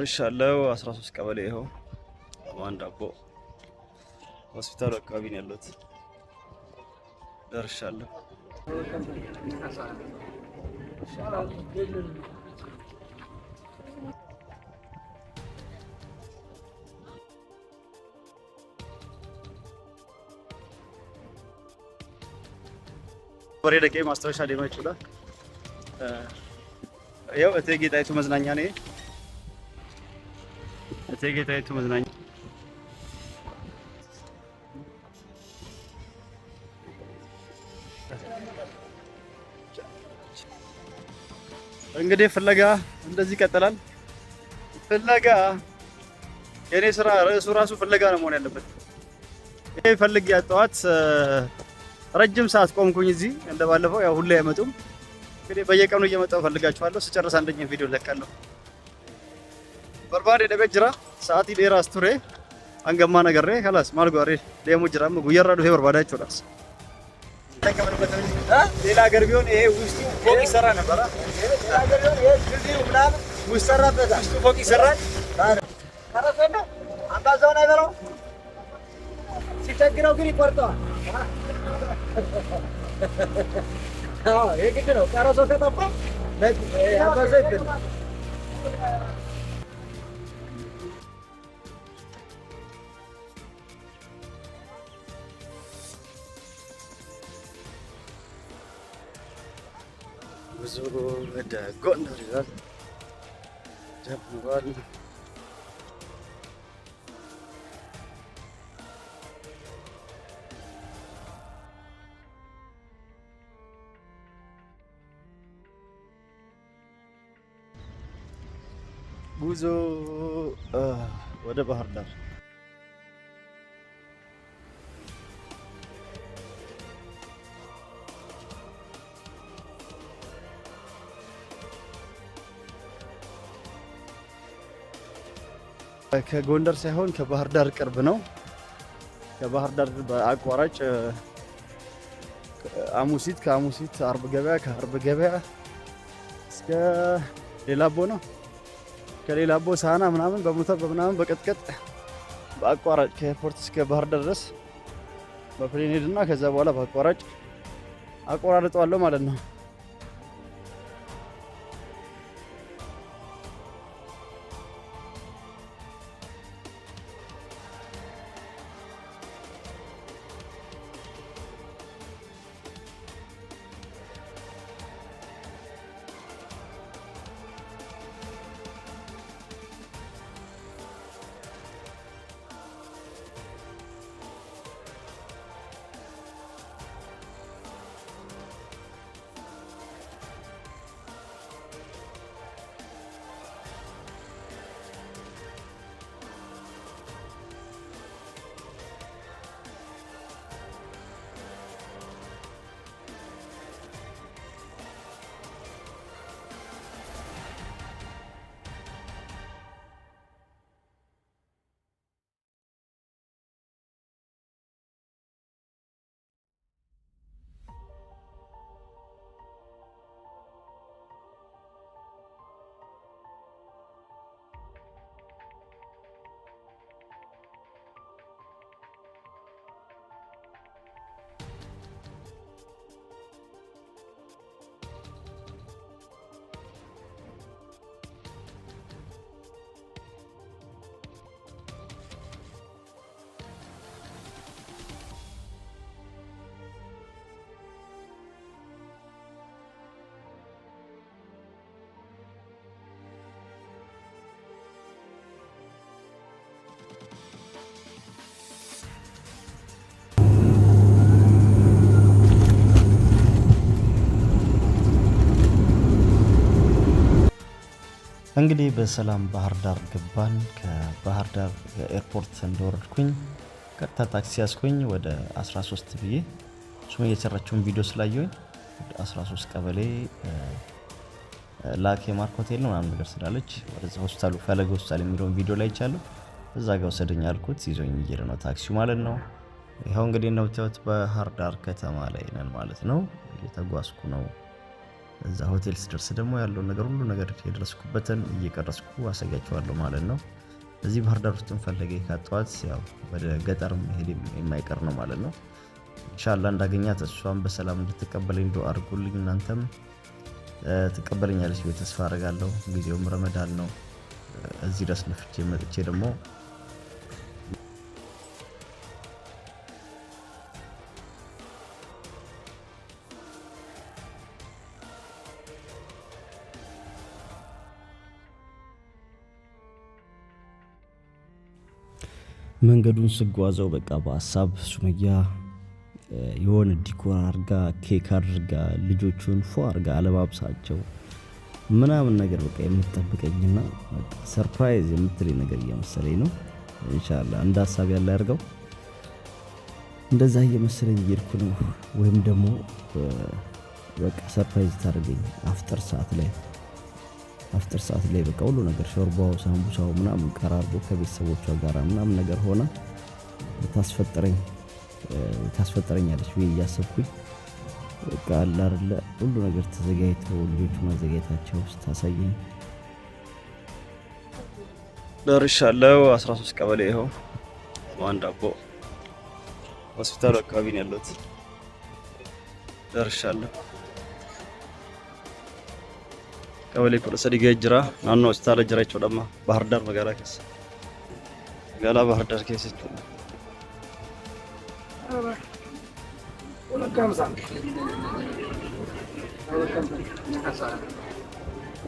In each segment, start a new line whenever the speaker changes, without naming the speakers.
ርሻለው 13 ቀበሌ ይኸው አማን ዳቦ ሆስፒታሉ አካባቢ ነው ያሉት። ደርሻለሁ። ወሬ ደቄ ማስታወሻ ሊሆን ይችላል። ይኸው እቴጌ ጣይቱ መዝናኛ ነው። የጌታይቱ መዝናኛ እንግዲህ ፍለጋ እንደዚህ ይቀጥላል። ፍለጋ የኔ ስራ ርዕሱ ራሱ ፍለጋ ነው መሆን ያለበት። ይሄ ፈልግ ያጠዋት ረጅም ሰዓት ቆምኩኝ እዚህ እንደባለፈው ያው ሁሌ አይመጡም። እንግዲህ በየቀኑ እየመጣሁ ፈልጋችኋለሁ። ስጨርስ አንደኛ ቪዲዮ ለቃለሁ። በርባዴ ደቤት ጅራ sa'aatii dheeraas ture hanga ammaa nagarree kalaas maal gaarii deemuu jira amma guyyaarraa dhufee barbaada jechuudha.
Leelaa Leelaa ee wiistuu fooqii bara. barbaadaa jechuudhaas. ሌላ ሀገር ቢሆን ይሄ ውስጡ ፎቅ ይሰራ ነበረ። ውስጥ ሰራበት
ውስጡ ፎቅ ይሰራል።
ተረፈና አምባዛውን አይበለው ሲቸግረው ግን ይቆርጠዋል። የግድ ነው። tokko. ከጠፋ አምባዛው ይበላል።
ብዙ ወደ ጎንደር ይዛል ጀምሯል። ጉዞ ወደ ባህር ዳር ከጎንደር ሳይሆን ከባህር ዳር ቅርብ ነው። ከባህር ዳር በአቋራጭ አሙሲት፣ ከአሙሲት አርብ ገበያ፣ ከአርብ ገበያ እስከ ሌላቦ ነው። ከሌላቦ ሳና ምናምን በሞተር በምናምን በቀጥቀጥ በአቋራጭ ከኤርፖርት እስከ ባህር ዳር ድረስ በፕሌን ሄድና ከዛ በኋላ በአቋራጭ አቆራርጠዋለሁ ማለት ነው። እንግዲህ በሰላም ባህር ዳር ገባን። ከባህር ዳር ኤርፖርት እንደወረድኩኝ ቀጥታ ታክሲ ያስኩኝ ወደ 13 ብዬ እሱም የሰራችውን ቪዲዮ ስላየኝ 13 ቀበሌ ላክ የማርክ ሆቴል ነው ምናምን ነገር ስላለች ወደዛ ሆስፒታሉ ፈለገ ሆስፒታል የሚለውን ቪዲዮ ላይ ይቻሉ እዛ ጋ ወሰደኝ አልኩት። ይዞኝ እየሄደ ነው ታክሲው ማለት ነው። ይኸው እንግዲህ እንደምታዩት ባህር ዳር ከተማ ላይ ነን ማለት ነው። እየተጓዝኩ ነው እዛ ሆቴል ስደርስ ደግሞ ያለውን ነገር ሁሉ ነገር የደረስኩበትን እየቀረስኩ አሳያቸዋለሁ ማለት ነው። እዚህ ባህር ዳር ውስጥም ፈለገ ካጠዋት ያው ወደ ገጠር መሄድ የማይቀር ነው ማለት ነው። እንሻላ እንዳገኛት እሷም በሰላም እንድትቀበለኝ ዶ አድርጉልኝ። እናንተም ትቀበለኛለች ተስፋ አደርጋለሁ። ጊዜውም ረመዳን ነው። እዚህ ድረስ ነፍቼ መጥቼ ደግሞ መንገዱን ስጓዘው በቃ በሀሳብ ሱመያ የሆነ ዲኮር አርጋ ኬክ አድርጋ ልጆቹን ፎ አርጋ አለባብሳቸው ምናምን ነገር በቃ የምትጠብቀኝና ሰርፕራይዝ የምትለኝ ነገር እየመሰለኝ ነው። እንሻላ እንደ ሀሳብ ያለ ያርገው። እንደዛ እየመሰለኝ እየሄድኩ ነው። ወይም ደግሞ በቃ ሰርፕራይዝ ታደርገኝ አፍጠር ሰዓት ላይ አፍጥር ሰዓት ላይ በቃ ሁሉ ነገር ሾርባው፣ ሳምቡሳው ምናምን ቀራርቦ ከቤተሰቦቿ ጋር ምናምን ነገር ሆና ታስፈጠረኝ ታስፈጠረኛለች ብዬ እያሰብኩኝ በቃ አለ አይደለ ሁሉ ነገር ተዘጋጅተው ልጆቹ ማዘጋጀታቸው ስታሳየኝ ደርሻለሁ። 13 ቀበሌ ይኸው አንድ አቦ ሆስፒታሉ አካባቢ ነው ያለሁት። ደርሻለሁ። ቀበሌ ኩ ሰዲጋ ጅራ ናኖ ስታለ ጅራ ይቸው ባህር ዳር መጋላ ከስ ጋላ ባህር ዳር ከስ ይቸው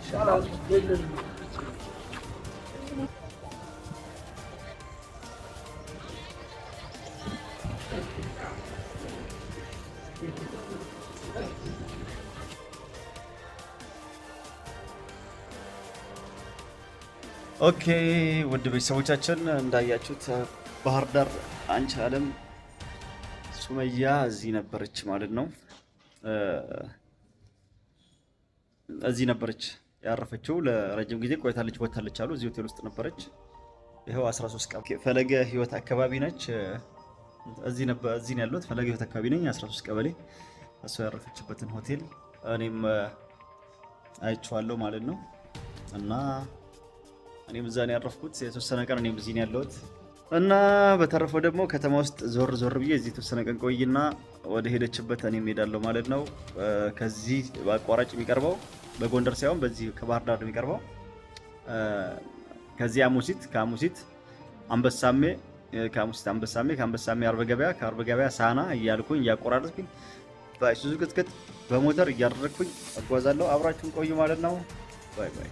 ሻላ ኦኬ ውድ ቤተሰቦቻችን እንዳያችሁት ባህር ዳር አንቺ አለም ሱመያ እዚህ ነበረች ማለት ነው። እዚህ ነበረች ያረፈችው። ለረጅም ጊዜ ቆይታለች፣ ቦታለች አሉ። እዚህ ሆቴል ውስጥ ነበረች። ይኸው 13 ቀበሌ ፈለገ ህይወት አካባቢ ነች። እዚህ ነበር እዚህ ነው ያለሁት። ፈለገ ህይወት አካባቢ ነኝ። 13 ቀበሌ እሷ ያረፈችበትን ሆቴል እኔም አይቼዋለሁ ማለት ነው እና እኔም እዛ ነው ያረፍኩት የተወሰነ ቀን፣ እኔም እዚህ ነው ያለሁት እና በተረፈው ደግሞ ከተማ ውስጥ ዞር ዞር ብዬ እዚህ የተወሰነ ቀን ቆይና ወደ ሄደችበት እኔም ሄዳለሁ ማለት ነው። ከዚህ በአቋራጭ የሚቀርበው በጎንደር ሳይሆን በዚህ ከባህር ዳር የሚቀርበው ከዚህ አሙሲት፣ ከአሙሲት አንበሳሜ፣ ከአሙሲት አንበሳሜ፣ ከአንበሳሜ አርበ ገበያ፣ ከአርበ ገበያ ሳና እያልኩኝ እያቆራረጥኩኝ በሱዙ ቅጥቅጥ በሞተር እያደረግኩኝ እጓዛለሁ። አብራችሁን ቆዩ ማለት ነው። ባይ ባይ።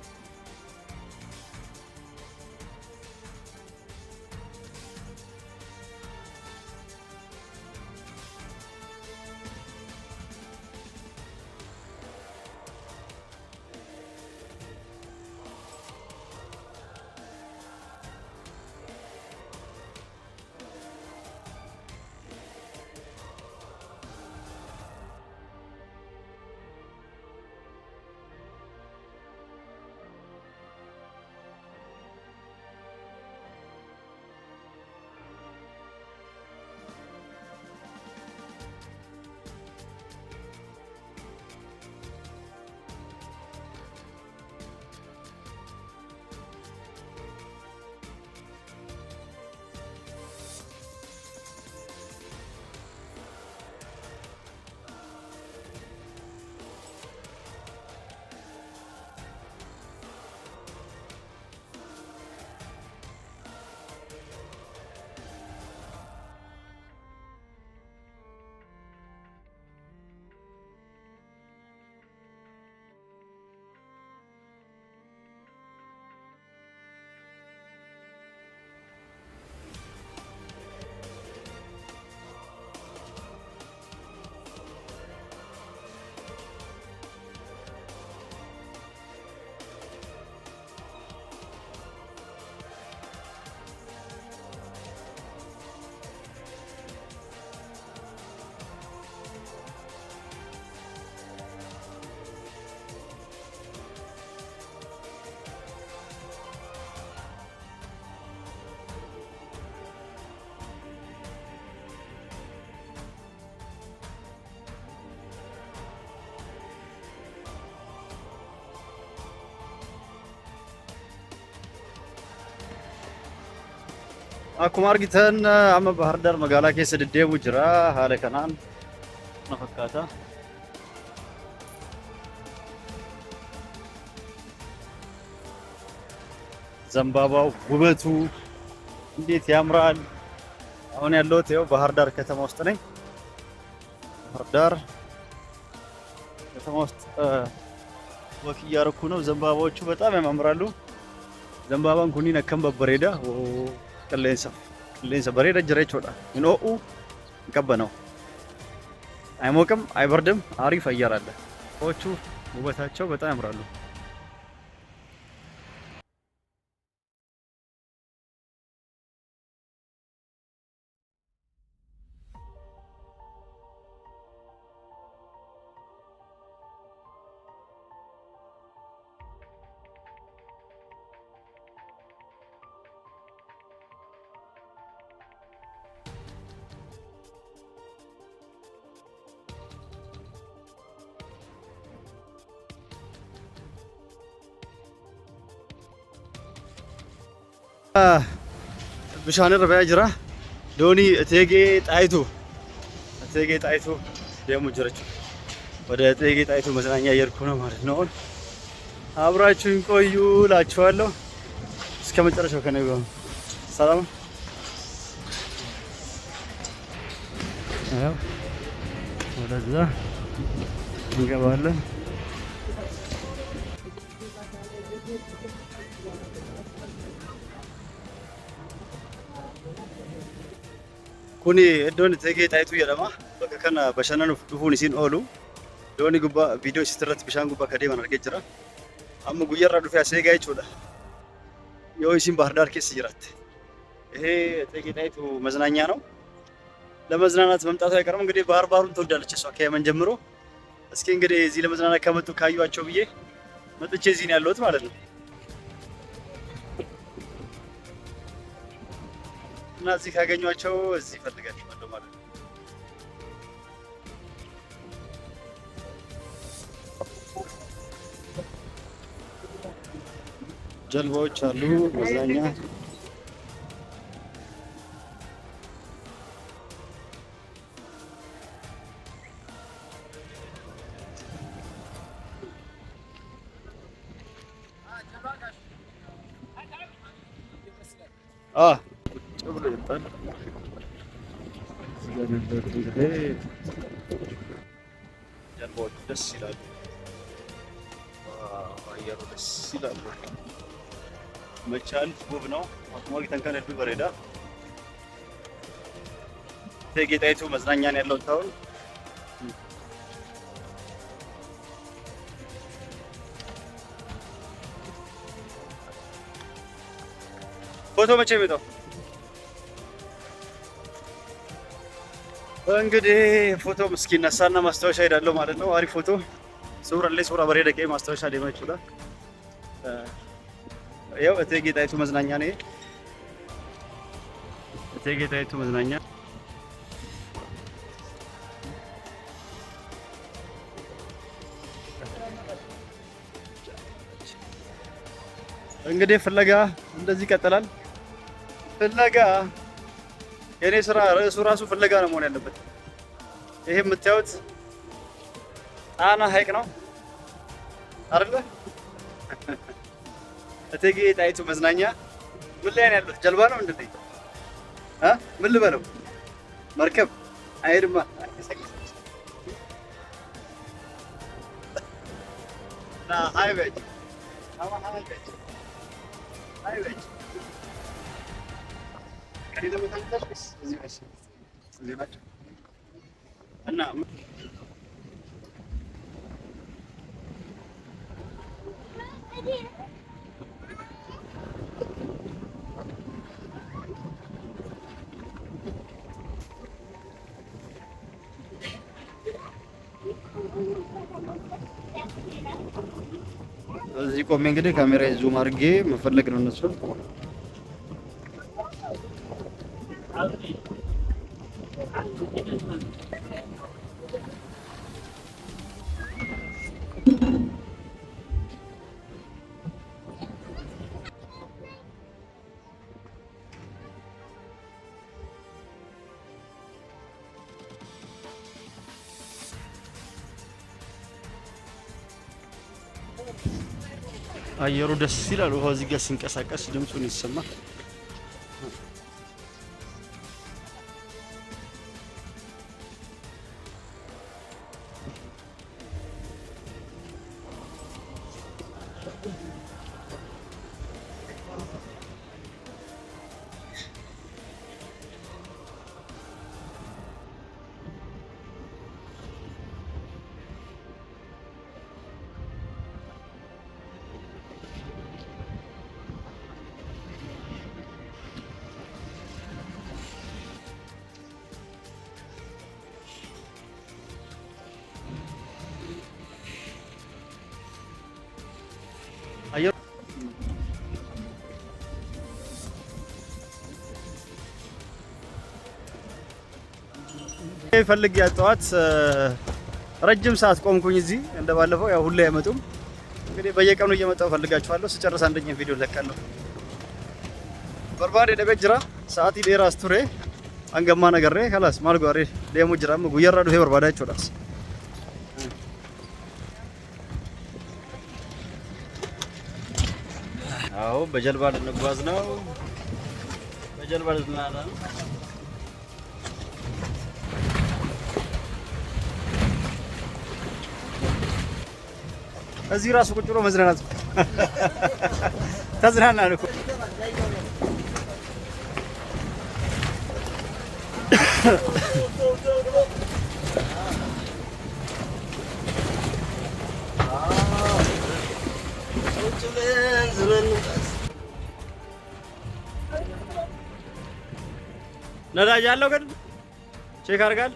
akkuma argitan amma Bahar Dar magaalaa keessa deddeemu jira. Haala kanaan na fakkaata. ዘንባባው ውበቱ እንዴት ያምራል! አሁን ያለሁት ይኸው ባህር ዳር ከተማ ውስጥ ነኝ። ባህር ዳር ከተማ ውስጥ ወክ እያረኩ ነው። ዘንባባዎቹ በጣም ያማምራሉ። ዘንባባን ኩኒ ነከም በበሬዳ qilleensa qilleensa bareeda jira jechuudha. Hin ho'u hin qabbanaa'u. አይሞቅም፣ አይበርድም። አሪፍ አየር አለ። ሰዎቹ ውበታቸው በጣም ያምራሉ። bishaanirra ba'aa jira. Doonii Teegee Xaayitu Teegee Xaayitu deemu jira jechuudha። ወደ ጤጌ ጣይቱ መዝናኛ እየሄድኩ ነው ማለት ነው። አብራችሁን ቆዩ እላችኋለሁ እስከ መጨረሻው ከነገ ሰላም ወደዛ እንገባለን። Kuni iddoon itti eegee xaayituu jedhama. Bakka kana bashannanuuf dhufuun isiin oolu. Dooni gubbaa viidiyoo isii irratti bishaan gubbaa akka deeman argee jira. Amma guyyaarraa dhufee as eegaa jechuudha. Yoo isin Bahar Daar keessa jiraatte. ይሄ እቴጌ ጣይቱ መዝናኛ ነው። ለመዝናናት መምጣቱ አይቀርም እንግዲህ ባህር ባህሩን ትወዳለች እሷ ከየመን ጀምሮ። እስኪ እንግዲህ እዚህ ለመዝናናት ከመጡ ካዩዋቸው ብዬ መጥቼ እዚህ ነው ያለሁት ማለት ነው። እና እዚህ ካገኟቸው እዚህ ፈልጋቸዋለሁ ማለት ነው። ጀልባዎች አሉ፣ መዝናኛ አዎ ይመጣል። ስለነበር ጀልባዎቹ ደስ ይላሉ፣ አየሩ ደስ ይላሉ። መቻል ውብ ነው። ማክሞሪ ተንከን ህዱ በሬዳ እቴጌ ጣይቱ መዝናኛን ያለው ታውን ፎቶ መቼ ይመጣው እንግዲህ ፎቶ እስኪነሳና ማስታወሻ ሄዳለሁ ማለት ነው። አሪፍ ፎቶ ሱራ ላይ ሱራ በሬ ደቀ ማስታወሻ ሊሆን ይችላል። ያው እቴጌ ጣይቱ መዝናኛ ነው። እቴጌ ጣይቱ መዝናኛ እንግዲህ ፍለጋ እንደዚህ ይቀጥላል። ፍለጋ የእኔ ስራ ርዕሱ ራሱ ፍለጋ ነው መሆን ያለበት። ይሄ የምታዩት ጣና ሐይቅ ነው አይደለ? እቴጌ ጣይቱ መዝናኛ ምን ላይ ነው ያሉት? ጀልባ ነው እንዴ? አ ምን ልበለው? መርከብ አይድማ ና አይበጅ አማ አይበጅ አይበጅ እዚህ ቆሜ እንግዲህ ካሜራ ዙም አድርጌ መፈለግ ነው እነሱ አየሩ ደስ ይላል። ውሃ እዚህ ጋር ሲንቀሳቀስ ድምፁን ይሰማል። ፈልግ ያጠዋት ረጅም ሰዓት ቆምኩኝ እዚህ ባለፈው ያው ሁሌ አይመጡም። እንግዲህ በየቀኑ እየመጣው ፈልጋችኋለሁ። ስጨርስ አንደኛ ቪዲዮ ለቃለሁ። በርባዴ ደቤ ጅራ ሰዓት ዴራስ አስቱሬ አንገማ ነገር ከላስ ማልጓሬ ደሞ ጅራ ምጉ ጉየራዱ ሄ በርባዳቸው ዳስ አዎ በጀልባ ልንጓዝ ነው። በጀልባ ልዝናና ነው። እዚህ ራሱ ቁጭ ብሎ መዝናናት ተዝናና እኮ ነዳጅ አለው ግን ቼክ አድርጋል።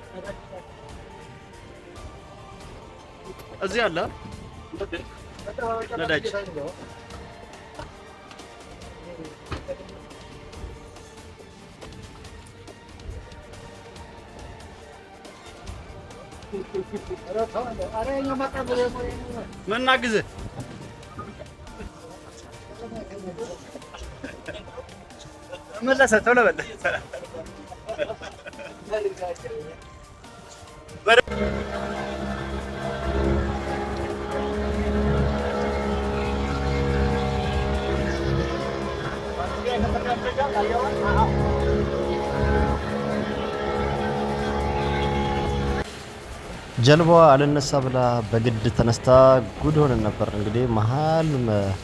እዚህ አለ No dodge. ምን አግዝህ? መለሰ ቶሎ በለ ጀልባዋ አልነሳ ብላ በግድ ተነስታ ጉድ ሆነን ነበር። እንግዲህ መሀል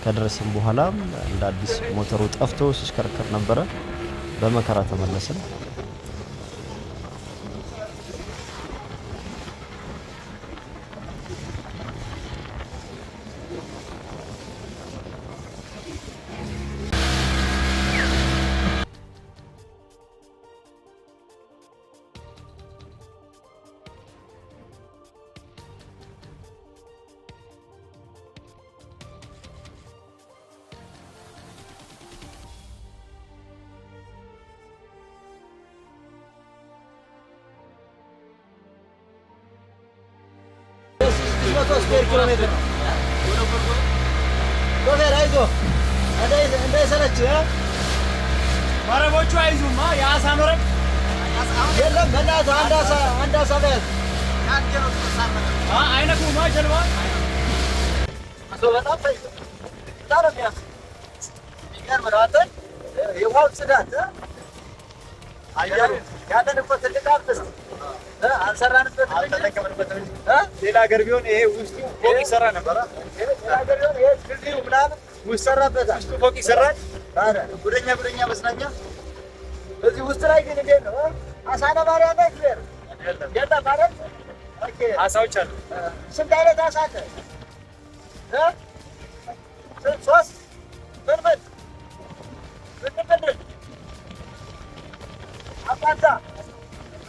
ከደረስን በኋላም እንደ አዲስ ሞተሩ ጠፍቶ ሲሽከረከር ነበረ። በመከራ ተመለስን። መቶ ስኩዌር ኪሎ ሜትር ነው። ሾፌር አይዞህ እንዳይሰለችህ። መረቦቹ አይዙማ የአሳ መረብ የለም። በእናትህ አንድ አሳ በያዝ አይነኩማ ጀልባ በጣም ነው። አንተን የውሃው ጽዳት ያለን እኮ ትልቅ አርቲስት አልሰራንበትም፣ አልተጠቀምንበትም ሌላ ሀገር ቢሆን ይሄ ውስጡ ፎቅ ይሰራ ነበር። ሌላ ውስጥ ሰራበታል፣ ውስጡ ፎቅ ይሰራል። ጉደኛ ጉደኛ እዚህ ውስጥ ላይ ግን እንዴት ነው? አሳ ነባሪ ያለ እግዚአብሔር አሳዎች አሉ። ስንት አይነት አሳ አለ? ሶስት ምን ምን ምን ምን አባታ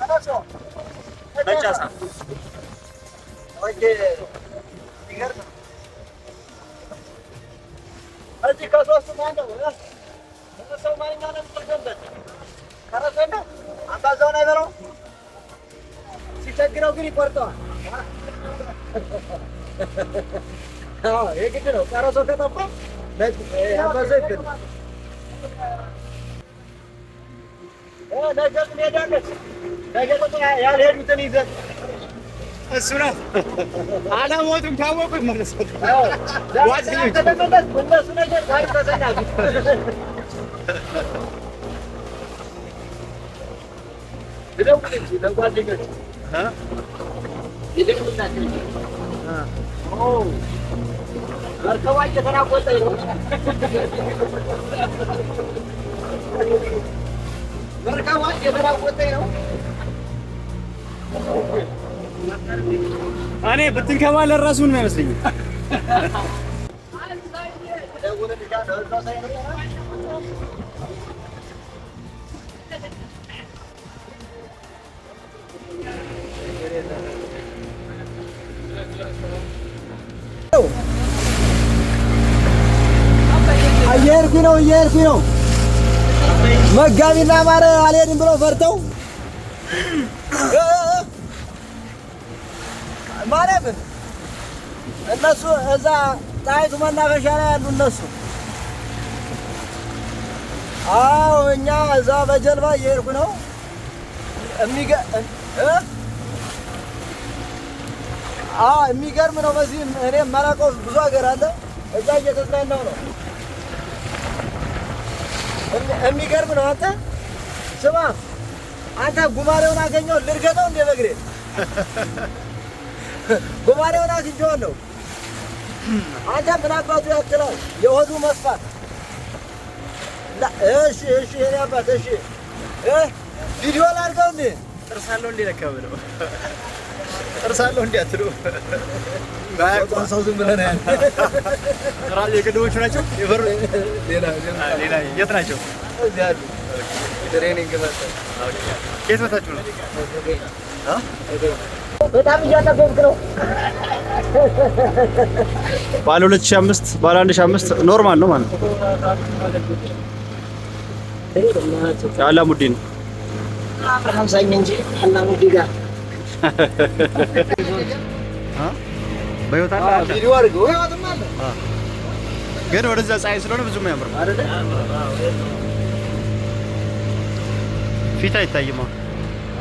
መጫሳ እዚህ ማን ማነው? ሰው ማንኛው ነው የምትጠቀምበት? ከረሰና አምባዛውን አይበላው ሲቸግረው ግን ይቆርጠዋል። የግድ ነው። ቀረሶ ከጠፋ አምባዛ ይገ ነገር ትሄዳለች እሱ ነው አላሞቱም። ታወቁት ማለት ነው። እኔ ብትንከባለ ራሱ ምንም አይመስለኝም። እየሄድኩኝ ነው እየሄድኩኝ ነው። መጋቢና ማረ አልሄድም ብለው ፈርተው ማርያምን እነሱ እዛ ጣይቱ መናፈሻ ላይ ያሉ እነሱ። አዎ እኛ እዛ በጀልባ እየሄድኩ ነው የሚገርም ነው። በዚህ እኔ የማላውቀው ብዙ ሀገር አለ። እዛ እየተዝናናሁ ነው። የሚገርም ነው። አንተ ስማ፣ አንተ ጉማሬውን አገኘው ልርገጠው እንደ በግሬ ጉማሬውን ነው አንተ ምን አባቱ ያክላል የሆዱ መስፋት። እሺ እሺ፣ የእኔ አባት እሺ። ቪዲዮ ላድርገው እንዴ? ጥርሳለሁ እንዴ? ለካ ብለው ጥርሳለሁ እንዴ አትሉ ሰው ዝም ብለህ ነው ያልኩህ። የቅድሞቹ ናቸው የት ናቸው? ትሬኒንግ ኦኬ፣ የት መታችሁ ነው? በጣም እያጠገብክ ነው። ባለ 2005 ባለ 1005 ኖርማል ነው ማለት ነው። አላሙዲ ግን ወደዛ ፀሐይ ስለሆነ ብዙም አያምርም። ፊት አይታይም።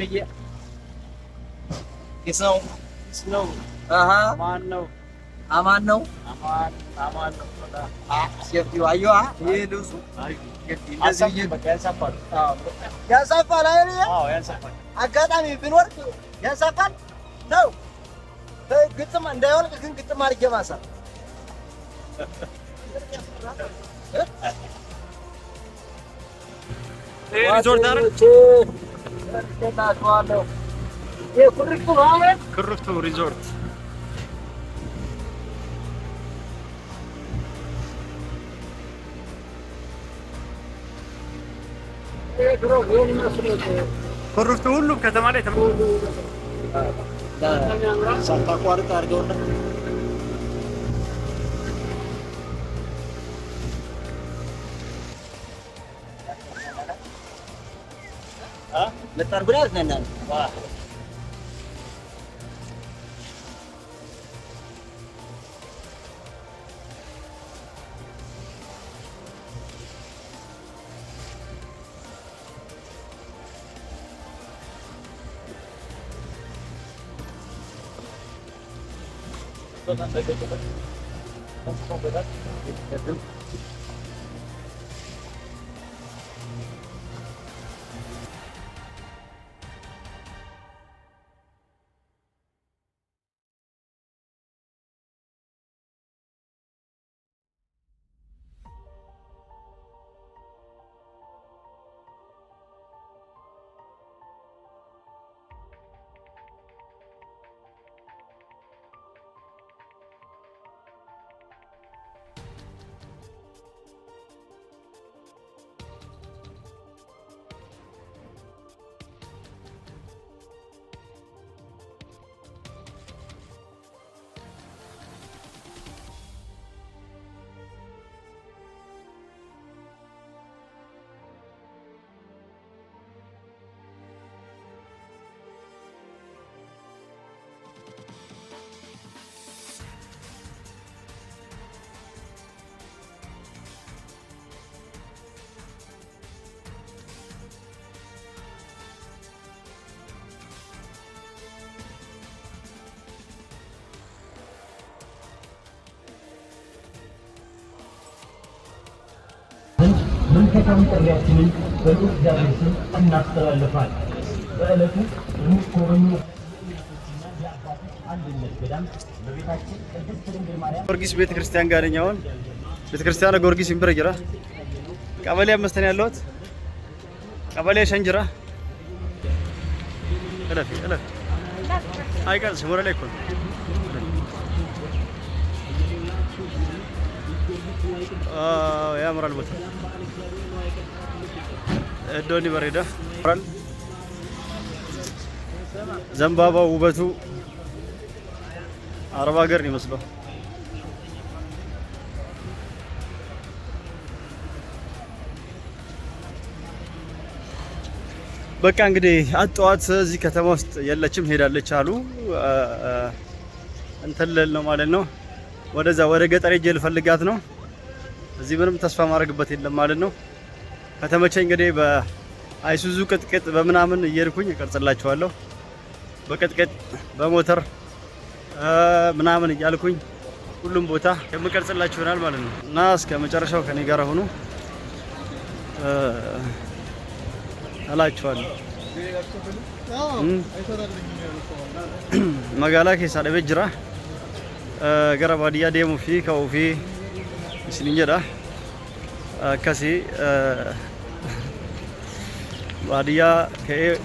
ብዬ ነው ነው አማን ነው አማን ነው አማን ነው። ሴፍቲው አጋጣሚ ብንወርቅ ያንሳፋል ነው ግጥም እንዳይወልቅ ግን ግጥም አድርጌ ማሳል ሪዞርት እሸጣችኋለሁ። የኩሪፍቱ ማለት ኩሪፍቱ ሪዞርት ኩሪፍቱ ሁሉም ከተማ ላይ ሳታቋርጥ አድርገውና May carbonated na nan. Wah. Thank you. የመልካም ጥሪያችንን በሉዕ እግዚአብሔር ስም እናስተላልፋል። በዕለቱ የሚጎበኙ ጊዮርጊስ ቤተ ክርስቲያን ጋር ነኝ። አሁን ቤተ ክርስቲያን ጊዮርጊስ ይንብረ ጅራ ቀበሌ አምስት ነው ያለሁት። ቀበሌ ሸንጅራ እለፊ እለፊ አይቀርም ወደ ላይ እኮ ያምራል ቦታ እዶኒ በሬዳ ዘንባባው ውበቱ አረብ ሀገር ነው ይመስለው። በቃ እንግዲህ አጠዋት እዚህ ከተማ ውስጥ የለችም፣ ሄዳለች አሉ። እንተለል ነው ማለት ነው። ወደዛ ወደ ገጠር ሄጄ ልፈልጋት ነው። እዚህ ምንም ተስፋ ማድረግበት የለም ማለት ነው። ከተመቸኝ እንግዲህ በአይሱዙ ቅጥቅጥ በምናምን እየሄድኩኝ እቀርጽላችኋለሁ። በቅጥቅጥ በሞተር ምናምን እያልኩኝ ሁሉም ቦታ የምቀርጽላችሁ ይሆናል ማለት ነው እና እስከ መጨረሻው ከኔ ጋር ሆኑ እላችኋለሁ። መጋላ ኬሳ ደቤ ጅራ ገረ ባዲያ ዴሙ ፊ ከኡ ፊ ኢስኒን baadiyyaa ka'ee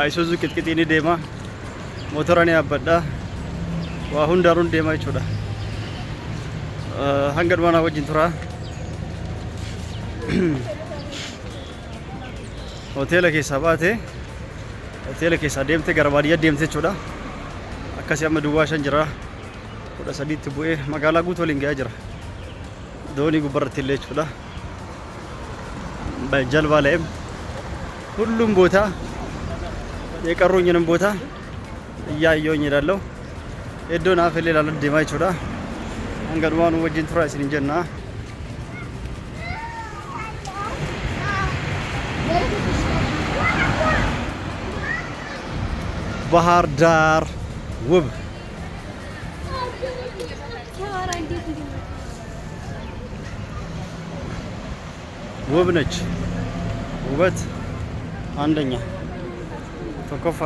ayisuuzu qixqixiini deema motora ni yaabbadha waa hundaaruun deema jechuudha hanga dhumanaa wajjin tura hoteela keessaa baate hoteela keessaa deemte gara baadiyyaa deemte jechuudha akkasii amma duwwaa shan jira kudha sadiitti bu'ee magaalaa guutuu waliin ga'aa jira doonii gubbarratti illee jechuudha jalbaa la'eem ሁሉም ቦታ የቀሩኝንም ቦታ እያየውኝ እላለሁ። ኤዶና ፈሌላሉ ዴማይቾዳ አንገድማኑ ወጅን ትራይ እንጀና ባህር ዳር ውብ ውብ ነች ውበት አንደኛ ተኮፋ